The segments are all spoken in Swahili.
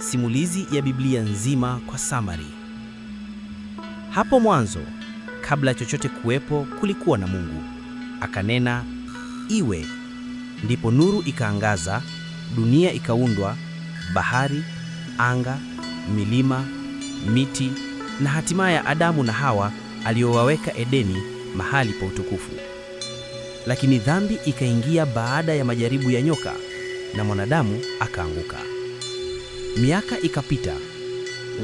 simulizi ya Biblia nzima kwa samari Hapo mwanzo, kabla chochote kuwepo, kulikuwa na Mungu. Akanena, iwe. Ndipo nuru ikaangaza, dunia ikaundwa, bahari, anga, milima, miti na hatimaye Adamu na Hawa aliyowaweka Edeni, mahali pa utukufu. Lakini dhambi ikaingia baada ya majaribu ya nyoka na mwanadamu akaanguka. Miaka ikapita,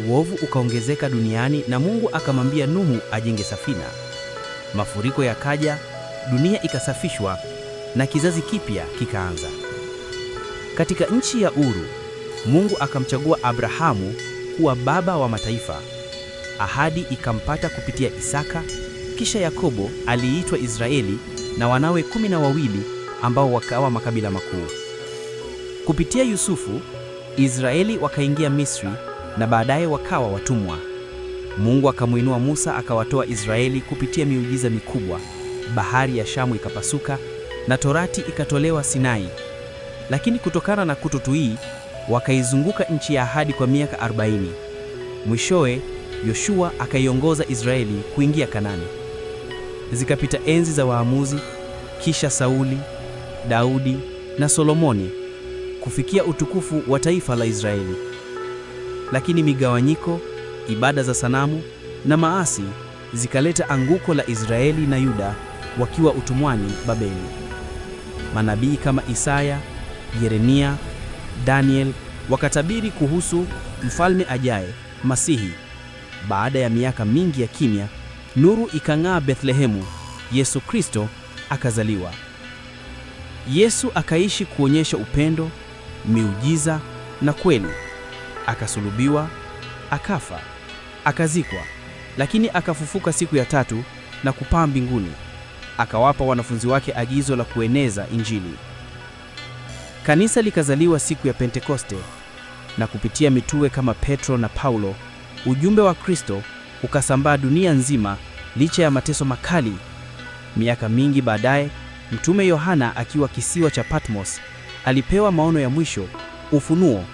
uovu ukaongezeka duniani na Mungu akamwambia Nuhu ajenge safina. Mafuriko yakaja, dunia ikasafishwa na kizazi kipya kikaanza. Katika nchi ya Uru, Mungu akamchagua Abrahamu kuwa baba wa mataifa. Ahadi ikampata kupitia Isaka, kisha Yakobo aliitwa Israeli na wanawe kumi na wawili ambao wakawa makabila makuu. Kupitia Yusufu Israeli wakaingia Misri na baadaye wakawa watumwa. Mungu akamwinua Musa akawatoa Israeli kupitia miujiza mikubwa. Bahari ya Shamu ikapasuka na Torati ikatolewa Sinai. Lakini kutokana na kutotii, wakaizunguka nchi ya ahadi kwa miaka 40. Mwishowe Yoshua akaiongoza Israeli kuingia Kanani. Zikapita enzi za waamuzi, kisha Sauli, Daudi na Solomoni kufikia utukufu wa taifa la Israeli. Lakini migawanyiko, ibada za sanamu na maasi zikaleta anguko la Israeli na Yuda wakiwa utumwani Babeli. Manabii kama Isaya, Yeremia, Daniel wakatabiri kuhusu mfalme ajaye, Masihi. Baada ya miaka mingi ya kimya, nuru ikang'aa Bethlehemu. Yesu Kristo akazaliwa. Yesu akaishi kuonyesha upendo miujiza na kweli. Akasulubiwa, akafa, akazikwa, lakini akafufuka siku ya tatu na kupaa mbinguni. Akawapa wanafunzi wake agizo la kueneza Injili. Kanisa likazaliwa siku ya Pentekoste, na kupitia mitume kama Petro na Paulo, ujumbe wa Kristo ukasambaa dunia nzima licha ya mateso makali. Miaka mingi baadaye, Mtume Yohana akiwa kisiwa cha Patmos Alipewa maono ya mwisho, ufunuo,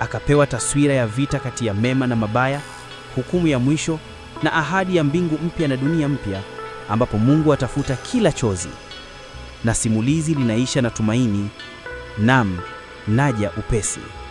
akapewa taswira ya vita kati ya mema na mabaya, hukumu ya mwisho na ahadi ya mbingu mpya na dunia mpya ambapo Mungu atafuta kila chozi. Na simulizi linaisha na tumaini, nam naja upesi.